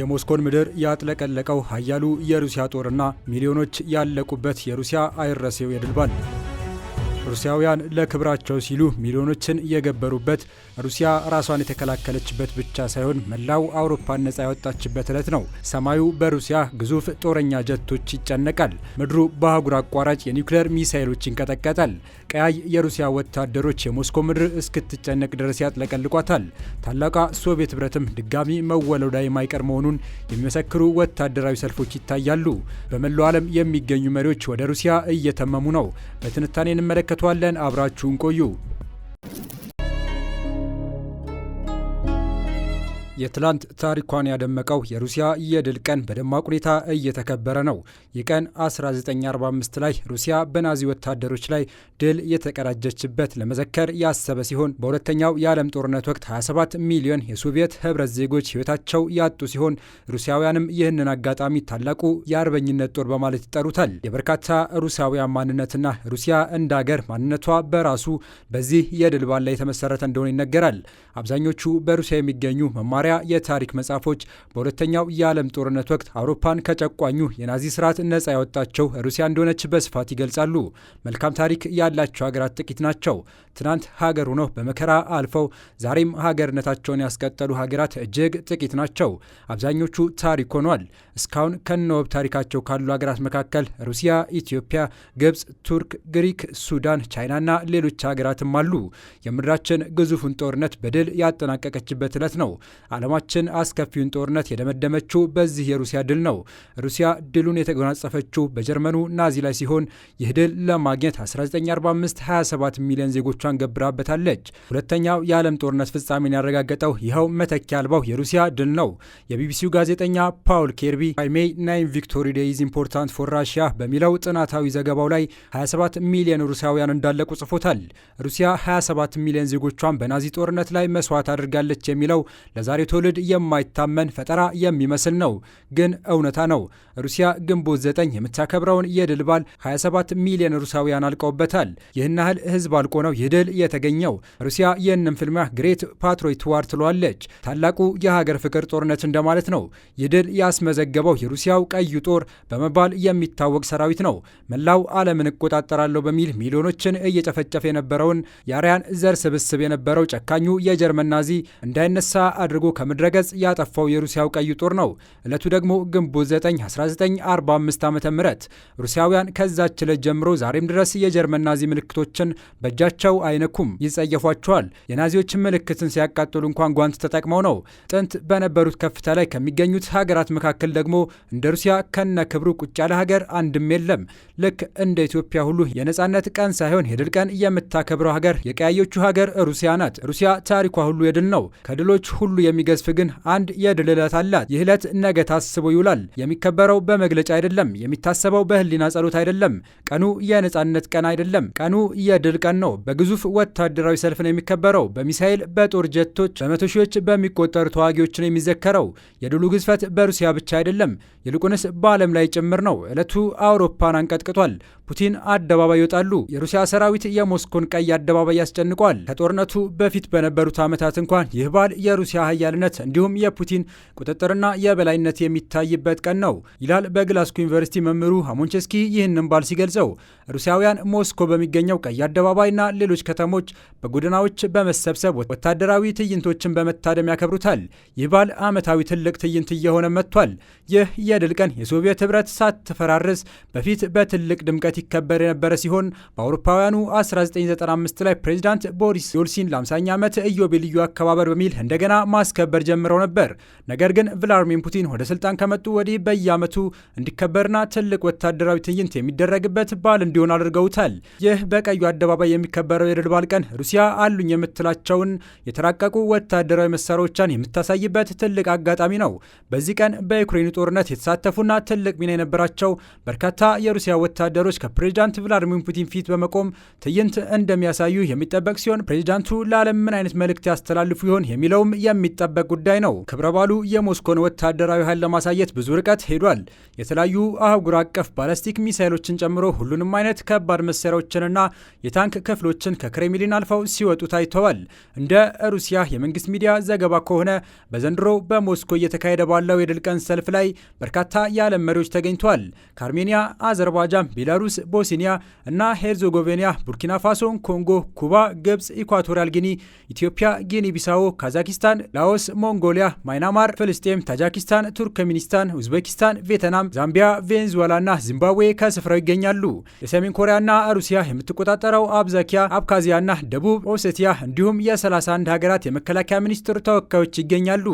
የሞስኮን ምድር ያጥለቀለቀው ኃያሉ የሩሲያ ጦርና ሚሊዮኖች ያለቁበት የሩሲያ አይረሴው የድል በዓል ሩሲያውያን ለክብራቸው ሲሉ ሚሊዮኖችን እየገበሩበት። ሩሲያ ራሷን የተከላከለችበት ብቻ ሳይሆን መላው አውሮፓን ነጻ ያወጣችበት ዕለት ነው። ሰማዩ በሩሲያ ግዙፍ ጦረኛ ጀቶች ይጨነቃል። ምድሩ በአህጉር አቋራጭ የኒውክሌር ሚሳይሎች ይንቀጠቀጣል። ቀያይ የሩሲያ ወታደሮች የሞስኮ ምድር እስክትጨነቅ ድረስ ያጥለቀልቋታል። ታላቋ ሶቪየት ህብረትም ድጋሚ መወለዳ የማይቀር መሆኑን የሚመሰክሩ ወታደራዊ ሰልፎች ይታያሉ። በመላው ዓለም የሚገኙ መሪዎች ወደ ሩሲያ እየተመሙ ነው። በትንታኔ እንመለከ እንመለከቷለን። አብራችሁን ቆዩ። የትላንት ታሪኳን ያደመቀው የሩሲያ የድል ቀን በደማቅ ሁኔታ እየተከበረ ነው። ይህ ቀን 1945 ላይ ሩሲያ በናዚ ወታደሮች ላይ ድል የተቀዳጀችበት ለመዘከር ያሰበ ሲሆን በሁለተኛው የዓለም ጦርነት ወቅት 27 ሚሊዮን የሶቪየት ህብረት ዜጎች ህይወታቸው ያጡ ሲሆን ሩሲያውያንም ይህንን አጋጣሚ ታላቁ የአርበኝነት ጦር በማለት ይጠሩታል። የበርካታ ሩሲያውያን ማንነትና ሩሲያ እንደ አገር ማንነቷ በራሱ በዚህ የድል በዓል ላይ የተመሰረተ እንደሆነ ይነገራል። አብዛኞቹ በሩሲያ የሚገኙ መማሪያ የመጀመሪያ የታሪክ መጽሐፎች በሁለተኛው የዓለም ጦርነት ወቅት አውሮፓን ከጨቋኙ የናዚ ስርዓት ነጻ ያወጣቸው ሩሲያ እንደሆነች በስፋት ይገልጻሉ። መልካም ታሪክ ያላቸው ሀገራት ጥቂት ናቸው። ትናንት ሀገር ሆነው በመከራ አልፈው ዛሬም ሀገርነታቸውን ያስቀጠሉ ሀገራት እጅግ ጥቂት ናቸው። አብዛኞቹ ታሪክ ሆኗል። እስካሁን ከነወብ ታሪካቸው ካሉ ሀገራት መካከል ሩሲያ፣ ኢትዮጵያ፣ ግብፅ፣ ቱርክ፣ ግሪክ፣ ሱዳን፣ ቻይናና ሌሎች ሀገራትም አሉ። የምድራችን ግዙፉን ጦርነት በድል ያጠናቀቀችበት ዕለት ነው። ዓለማችን አስከፊውን ጦርነት የደመደመችው በዚህ የሩሲያ ድል ነው። ሩሲያ ድሉን የተጎናጸፈችው በጀርመኑ ናዚ ላይ ሲሆን ይህ ድል ለማግኘት 1945 27 ሚሊዮን ዜጎቿን ገብራበታለች። ሁለተኛው የዓለም ጦርነት ፍጻሜን ያረጋገጠው ይኸው መተኪያ አልባው የሩሲያ ድል ነው። የቢቢሲው ጋዜጠኛ ፓውል ኬርቢ ሜይ ናይን ቪክቶሪ ዴይ ኢምፖርታንት ፎር ራሽያ በሚለው ጥናታዊ ዘገባው ላይ 27 ሚሊዮን ሩሲያውያን እንዳለቁ ጽፎታል። ሩሲያ 27 ሚሊዮን ዜጎቿን በናዚ ጦርነት ላይ መስዋዕት አድርጋለች የሚለው ለዛሬ ትውልድ የማይታመን ፈጠራ የሚመስል ነው፣ ግን እውነታ ነው። ሩሲያ ግንቦት 9 የምታከብረውን የድል በዓል 27 ሚሊዮን ሩሳውያን አልቀውበታል። ይህን ያህል ህዝብ አልቆ ነው ይህ ድል የተገኘው። ሩሲያ ይህንም ፍልሚያ ግሬት ፓትሮይት ዋር ትሏለች፣ ታላቁ የሀገር ፍቅር ጦርነት እንደማለት ነው። ይህ ድል ያስመዘገበው የሩሲያው ቀዩ ጦር በመባል የሚታወቅ ሰራዊት ነው። መላው ዓለምን እቆጣጠራለሁ በሚል ሚሊዮኖችን እየጨፈጨፈ የነበረውን የአርያን ዘር ስብስብ የነበረው ጨካኙ የጀርመን ናዚ እንዳይነሳ አድርጎ ገጽ ያጠፋው የሩሲያው ቀይ ጦር ነው። እለቱ ደግሞ ግንቦት 9 1945 ዓ ም ሩሲያውያን ከዛች ዕለት ጀምሮ ዛሬም ድረስ የጀርመን ናዚ ምልክቶችን በእጃቸው አይነኩም፣ ይጸየፏቸዋል። የናዚዎችን ምልክትን ሲያቃጥሉ እንኳን ጓንት ተጠቅመው ነው። ጥንት በነበሩት ከፍታ ላይ ከሚገኙት ሀገራት መካከል ደግሞ እንደ ሩሲያ ከነ ክብሩ ቁጭ ያለ ሀገር አንድም የለም። ልክ እንደ ኢትዮጵያ ሁሉ የነጻነት ቀን ሳይሆን የድል ቀን የምታከብረው ሀገር የቀያዮቹ ሀገር ሩሲያ ናት። ሩሲያ ታሪኳ ሁሉ የድል ነው። ከድሎች ሁሉ የሚ ሲገዝፍ ግን አንድ የድል ዕለት አላት። ይህ ዕለት ነገ ታስቦ ይውላል። የሚከበረው በመግለጫ አይደለም። የሚታሰበው በህሊና ጸሎት አይደለም። ቀኑ የነጻነት ቀን አይደለም። ቀኑ የድል ቀን ነው። በግዙፍ ወታደራዊ ሰልፍ ነው የሚከበረው። በሚሳኤል በጦር ጀቶች፣ በመቶ ሺዎች በሚቆጠሩ ተዋጊዎች ነው የሚዘከረው። የድሉ ግዝፈት በሩሲያ ብቻ አይደለም፣ ይልቁንስ በዓለም ላይ ጭምር ነው። ዕለቱ አውሮፓን አንቀጥቅቷል። ፑቲን አደባባይ ይወጣሉ። የሩሲያ ሰራዊት የሞስኮን ቀይ አደባባይ ያስጨንቋል። ከጦርነቱ በፊት በነበሩት ዓመታት እንኳን ይህ በዓል የሩሲያ ሀያልነት እንዲሁም የፑቲን ቁጥጥርና የበላይነት የሚታይበት ቀን ነው ይላል በግላስኮ ዩኒቨርሲቲ መምህሩ ሀሞንቸስኪ ይህንን ባል ሲገልጸው ሩሲያውያን ሞስኮ በሚገኘው ቀይ አደባባይና ሌሎች ከተሞች በጎዳናዎች በመሰብሰብ ወታደራዊ ትዕይንቶችን በመታደም ያከብሩታል። ይህ በዓል ዓመታዊ ትልቅ ትዕይንት እየሆነ መጥቷል። ይህ የድል ቀን የሶቪየት ሕብረት ሳትፈራርስ በፊት በትልቅ ድምቀት ይከበር የነበረ ሲሆን በአውሮፓውያኑ 1995 ላይ ፕሬዚዳንት ቦሪስ ዮልሲን ለ50ኛ ዓመት ኢዮቤልዩ አከባበር በሚል እንደገና ማስ ማስከበር ጀምረው ነበር። ነገር ግን ቭላድሚር ፑቲን ወደ ስልጣን ከመጡ ወዲህ በየዓመቱ እንዲከበርና ትልቅ ወታደራዊ ትዕይንት የሚደረግበት በዓል እንዲሆን አድርገውታል። ይህ በቀዩ አደባባይ የሚከበረው የድል በዓል ቀን ሩሲያ አሉኝ የምትላቸውን የተራቀቁ ወታደራዊ መሳሪያዎቿን የምታሳይበት ትልቅ አጋጣሚ ነው። በዚህ ቀን በዩክሬኑ ጦርነት የተሳተፉና ትልቅ ሚና የነበራቸው በርካታ የሩሲያ ወታደሮች ከፕሬዚዳንት ቭላድሚር ፑቲን ፊት በመቆም ትዕይንት እንደሚያሳዩ የሚጠበቅ ሲሆን ፕሬዚዳንቱ ለዓለም ምን አይነት መልእክት ያስተላልፉ ይሆን የሚለውም የሚጠ የሚጠበቅ ጉዳይ ነው። ክብረ በዓሉ የሞስኮን ወታደራዊ ኃይል ለማሳየት ብዙ ርቀት ሄዷል። የተለያዩ አህጉር አቀፍ ባላስቲክ ሚሳይሎችን ጨምሮ ሁሉንም አይነት ከባድ መሳሪያዎችንና የታንክ ክፍሎችን ከክሬምሊን አልፈው ሲወጡ ታይተዋል። እንደ ሩሲያ የመንግስት ሚዲያ ዘገባ ከሆነ በዘንድሮ በሞስኮ እየተካሄደ ባለው የድል ቀን ሰልፍ ላይ በርካታ የዓለም መሪዎች ተገኝተዋል። ከአርሜኒያ፣ አዘርባይጃን፣ ቤላሩስ፣ ቦስኒያ እና ሄርዞጎቬኒያ፣ ቡርኪና ፋሶ፣ ኮንጎ፣ ኩባ፣ ግብፅ፣ ኢኳቶሪያል ጊኒ፣ ኢትዮጵያ፣ ጊኒ ቢሳዎ፣ ካዛኪስታን፣ ላኦስ ላኦስ፣ ሞንጎሊያ፣ ማይናማር፣ ፍልስጤም፣ ታጃኪስታን፣ ቱርክሜኒስታን፣ ኡዝቤኪስታን፣ ቬትናም፣ ዛምቢያ፣ ና ዚምባብዌ ከስፍራው ይገኛሉ። የሰሜን ኮሪያና ሩሲያ የምትቆጣጠረው አብዛኪያ፣ አብካዚያ ና ደቡብ ኦሴቲያ እንዲሁም የ31 ሀገራት የመከላከያ ሚኒስትር ተወካዮች ይገኛሉ።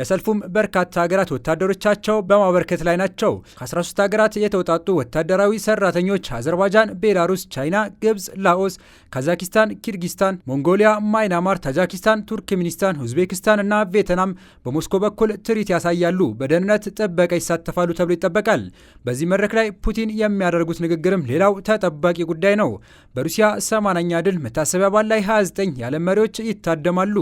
ለሰልፉም በርካታ ሀገራት ወታደሮቻቸው በማበርከት ላይ ናቸው። ከ13 ሀገራት የተውጣጡ ወታደራዊ ሰራተኞች አዘርባይጃን፣ ቤላሩስ፣ ቻይና፣ ግብጽ፣ ላኦስ፣ ካዛኪስታን፣ ኪርጊስታን፣ ሞንጎሊያ፣ ማይናማር፣ ታጃኪስታን፣ ቱርክሜኒስታን፣ ኡዝቤኪስታን እና ቬትናም በሞስኮ በኩል ትርኢት ያሳያሉ፣ በደህንነት ጥበቃ ይሳተፋሉ ተብሎ ይጠበቃል። በዚህ መድረክ ላይ ፑቲን የሚያደርጉት ንግግርም ሌላው ተጠባቂ ጉዳይ ነው። በሩሲያ ሰማንያኛ ድል መታሰቢያ በዓል ላይ 29 የዓለም መሪዎች ይታደማሉ።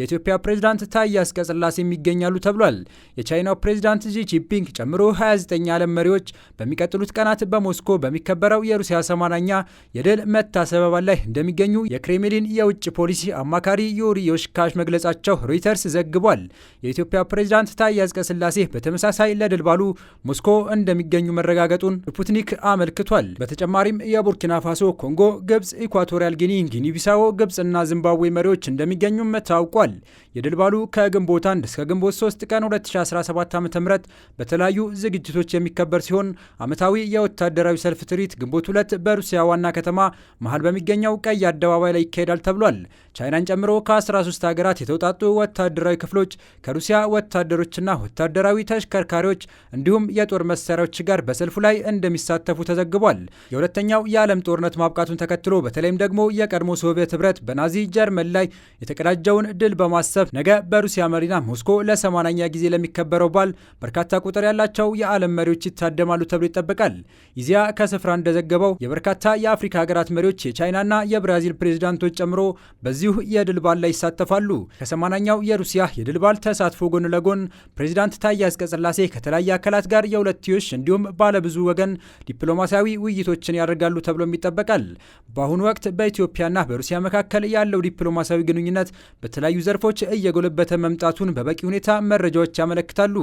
የኢትዮጵያ ፕሬዝዳንት ታዬ አጽቀሥላሴ ይገኛሉ ተብሏል። የቻይናው ፕሬዝዳንት ጂ ጂንፒንግ ጨምሮ 29 የዓለም መሪዎች በሚቀጥሉት ቀናት በሞስኮ በሚከበረው የሩሲያ ሰማንያኛ የድል መታሰቢያ በዓል ላይ እንደሚገኙ የክሬምሊን የውጭ ፖሊሲ አማካሪ ዩሪ ዮሽካሽ መግለጻቸው ሮይተርስ ዘግቧል። የኢትዮጵያ ፕሬዚዳንት ታዬ አጽቀሥላሴ በተመሳሳይ ለድል ባሉ ሞስኮ እንደሚገኙ መረጋገጡን ስፑትኒክ አመልክቷል። በተጨማሪም የቡርኪና ፋሶ፣ ኮንጎ፣ ግብጽ፣ ኢኳቶሪያል ጊኒ፣ ጊኒ ጊኒቢሳዎ፣ ግብጽ እና ዚምባብዌ መሪዎች እንደሚገኙም ታውቋል። የድል ባሉ ከግንቦት 1 እስከ ግንቦት 3 ቀን 2017 ዓ ም በተለያዩ ዝግጅቶች የሚከበር ሲሆን ዓመታዊ የወታደራዊ ሰልፍ ትርኢት ግንቦት ሁለት በሩሲያ ዋና ከተማ መሀል በሚገኘው ቀይ አደባባይ ላይ ይካሄዳል ተብሏል። ቻይናን ጨምሮ ከ13 ሀገራት የተውጣጡ ወታደራዊ ክፍሎች ከሩሲያ ወታደሮችና ወታደራዊ ተሽከርካሪዎች እንዲሁም የጦር መሳሪያዎች ጋር በሰልፉ ላይ እንደሚሳተፉ ተዘግቧል። የሁለተኛው የዓለም ጦርነት ማብቃቱን ተከትሎ በተለይም ደግሞ የቀድሞ ሶቪየት ህብረት በናዚ ጀርመን ላይ የተቀዳጀውን ድል በማሰብ ነገ በሩሲያ መዲና ሞስኮ ለሰማንያኛ ጊዜ ለሚከበረው በዓል በርካታ ቁጥር ያላቸው የዓለም መሪዎች ይታደማሉ ተብሎ ይጠበቃል። ይዚያ ከስፍራ እንደዘገበው የበርካታ የአፍሪካ ሀገራት መሪዎች የቻይናና የብራዚል ፕሬዚዳንቶች ጨምሮ በዚሁ የድል በዓል ላይ ይሳተፋሉ። ከሰማንያኛው የሩሲያ የድል በዓል ተሳትፎ ጎን ለጎን ፕሬዚዳንት ታዬ አጽቀሥላሴ ከተለያየ አካላት ጋር የሁለትዮሽ እንዲሁም ባለብዙ ወገን ዲፕሎማሲያዊ ውይይቶችን ያደርጋሉ ተብሎም ይጠበቃል። በአሁኑ ወቅት በኢትዮጵያና በሩሲያ መካከል ያለው ዲፕሎማሲያዊ ግንኙነት በተለያዩ ዘርፎች እየጎለበተ መምጣቱን በበቂ ሁኔታ መረጃዎች ያመለክታሉ።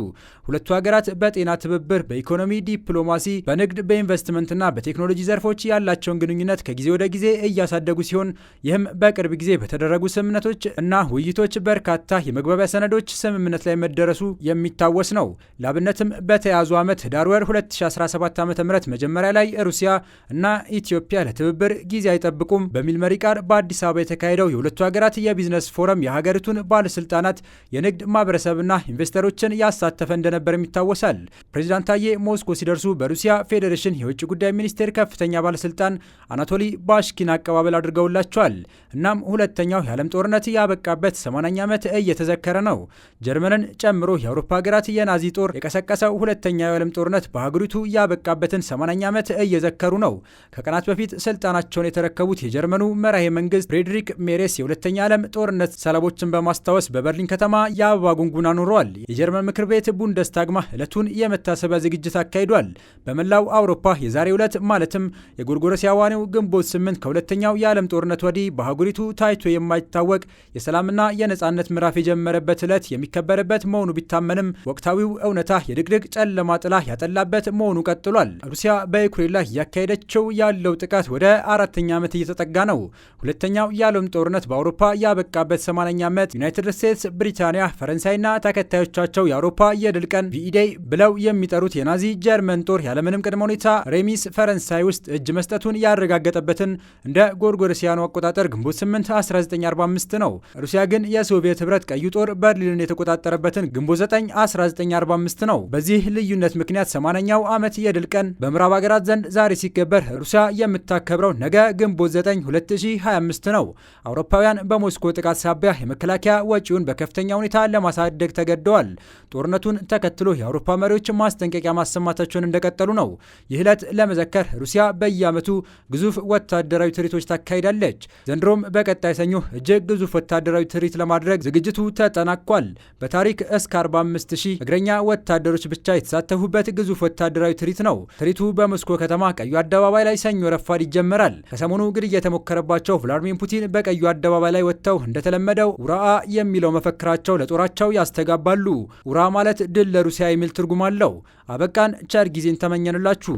ሁለቱ ሀገራት በጤና ትብብር፣ በኢኮኖሚ ዲፕሎማሲ፣ በንግድ፣ በኢንቨስትመንትና በቴክኖሎጂ ዘርፎች ያላቸውን ግንኙነት ከጊዜ ወደ ጊዜ እያሳደጉ ሲሆን ይህም በቅርብ ጊዜ በተደረጉ ስምምነቶች እና ውይይቶች በርካታ በመግባቢያ ሰነዶች ስምምነት ላይ መደረሱ የሚታወስ ነው። ለአብነትም በተያዙ ዓመት ህዳር ወር 2017 ዓ ም መጀመሪያ ላይ ሩሲያ እና ኢትዮጵያ ለትብብር ጊዜ አይጠብቁም በሚል መሪ ቃል በአዲስ አበባ የተካሄደው የሁለቱ ሀገራት የቢዝነስ ፎረም የሀገሪቱን ባለስልጣናት፣ የንግድ ማህበረሰብና ኢንቨስተሮችን ያሳተፈ እንደነበር ይታወሳል። ፕሬዚዳንት ታዬ ሞስኮ ሲደርሱ በሩሲያ ፌዴሬሽን የውጭ ጉዳይ ሚኒስቴር ከፍተኛ ባለስልጣን አናቶሊ ባሽኪን አቀባበል አድርገውላቸዋል። እናም ሁለተኛው የዓለም ጦርነት ያበቃበት 80ኛ ዓመት እየተዘ እየተዘከረ ነው። ጀርመንን ጨምሮ የአውሮፓ ሀገራት የናዚ ጦር የቀሰቀሰው ሁለተኛው የዓለም ጦርነት በሀገሪቱ ያበቃበትን 80ኛ ዓመት እየዘከሩ ነው። ከቀናት በፊት ስልጣናቸውን የተረከቡት የጀርመኑ መራሄ መንግስት ፍሬድሪክ ሜሬስ የሁለተኛ ዓለም ጦርነት ሰለቦችን በማስታወስ በበርሊን ከተማ የአበባ ጉንጉን አኑረዋል። የጀርመን ምክር ቤት ቡንደስታግማ ዕለቱን የመታሰቢያ ዝግጅት አካሂዷል። በመላው አውሮፓ የዛሬ ዕለት ማለትም የጎርጎሮሳውያኑ ግንቦት ስምንት ከሁለተኛው የዓለም ጦርነት ወዲህ በሀገሪቱ ታይቶ የማይታወቅ የሰላምና የነጻነት ምዕራፍ የጀመ የተጀመረበት ዕለት የሚከበርበት መሆኑ ቢታመንም ወቅታዊው እውነታ የድቅድቅ ጨለማ ጥላ ያጠላበት መሆኑ ቀጥሏል። ሩሲያ በዩክሬን ላይ እያካሄደችው ያለው ጥቃት ወደ አራተኛ ዓመት እየተጠጋ ነው። ሁለተኛው የዓለም ጦርነት በአውሮፓ ያበቃበት 80ኛ ዓመት ዩናይትድ ስቴትስ፣ ብሪታንያ፣ ፈረንሳይና ተከታዮቻቸው የአውሮፓ የድል ቀን ቪኢዴይ ብለው የሚጠሩት የናዚ ጀርመን ጦር ያለምንም ቅድመ ሁኔታ ሬሚስ ፈረንሳይ ውስጥ እጅ መስጠቱን ያረጋገጠበትን እንደ ጎርጎርሲያኑ አቆጣጠር ግንቦት 8 1945 ነው። ሩሲያ ግን የሶቪየት ህብረት ቀዩ ጦር በርሊንን የተቆጣጠረበትን ግንቦት 9 1945 ነው። በዚህ ልዩነት ምክንያት 80ኛው ዓመት የድል ቀን በምዕራብ ሀገራት ዘንድ ዛሬ ሲከበር ሩሲያ የምታከብረው ነገ ግንቦት 9 2025 ነው። አውሮፓውያን በሞስኮ ጥቃት ሳቢያ የመከላከያ ወጪውን በከፍተኛ ሁኔታ ለማሳደግ ተገደዋል። ጦርነቱን ተከትሎ የአውሮፓ መሪዎች ማስጠንቀቂያ ማሰማታቸውን እንደቀጠሉ ነው። ይህ ዕለት ለመዘከር ሩሲያ በየዓመቱ ግዙፍ ወታደራዊ ትርኢቶች ታካሂዳለች። ዘንድሮም በቀጣይ ሰኞ እጅግ ግዙፍ ወታደራዊ ትርኢት ለማድረግ ዝግጅቱ ተጠናቋል። በታሪክ እስከ 45 ሺህ እግረኛ ወታደሮች ብቻ የተሳተፉበት ግዙፍ ወታደራዊ ትርኢት ነው። ትርኢቱ በሞስኮ ከተማ ቀዩ አደባባይ ላይ ሰኞ ረፋድ ይጀመራል። ከሰሞኑ ግድ የተሞከረባቸው ቭላድሚር ፑቲን በቀዩ አደባባይ ላይ ወጥተው እንደተለመደው ውራአ የሚለው መፈክራቸው ለጦራቸው ያስተጋባሉ። ውራ ማለት ድል ለሩሲያ የሚል ትርጉም አለው። አበቃን። ቸር ጊዜን ተመኘንላችሁ።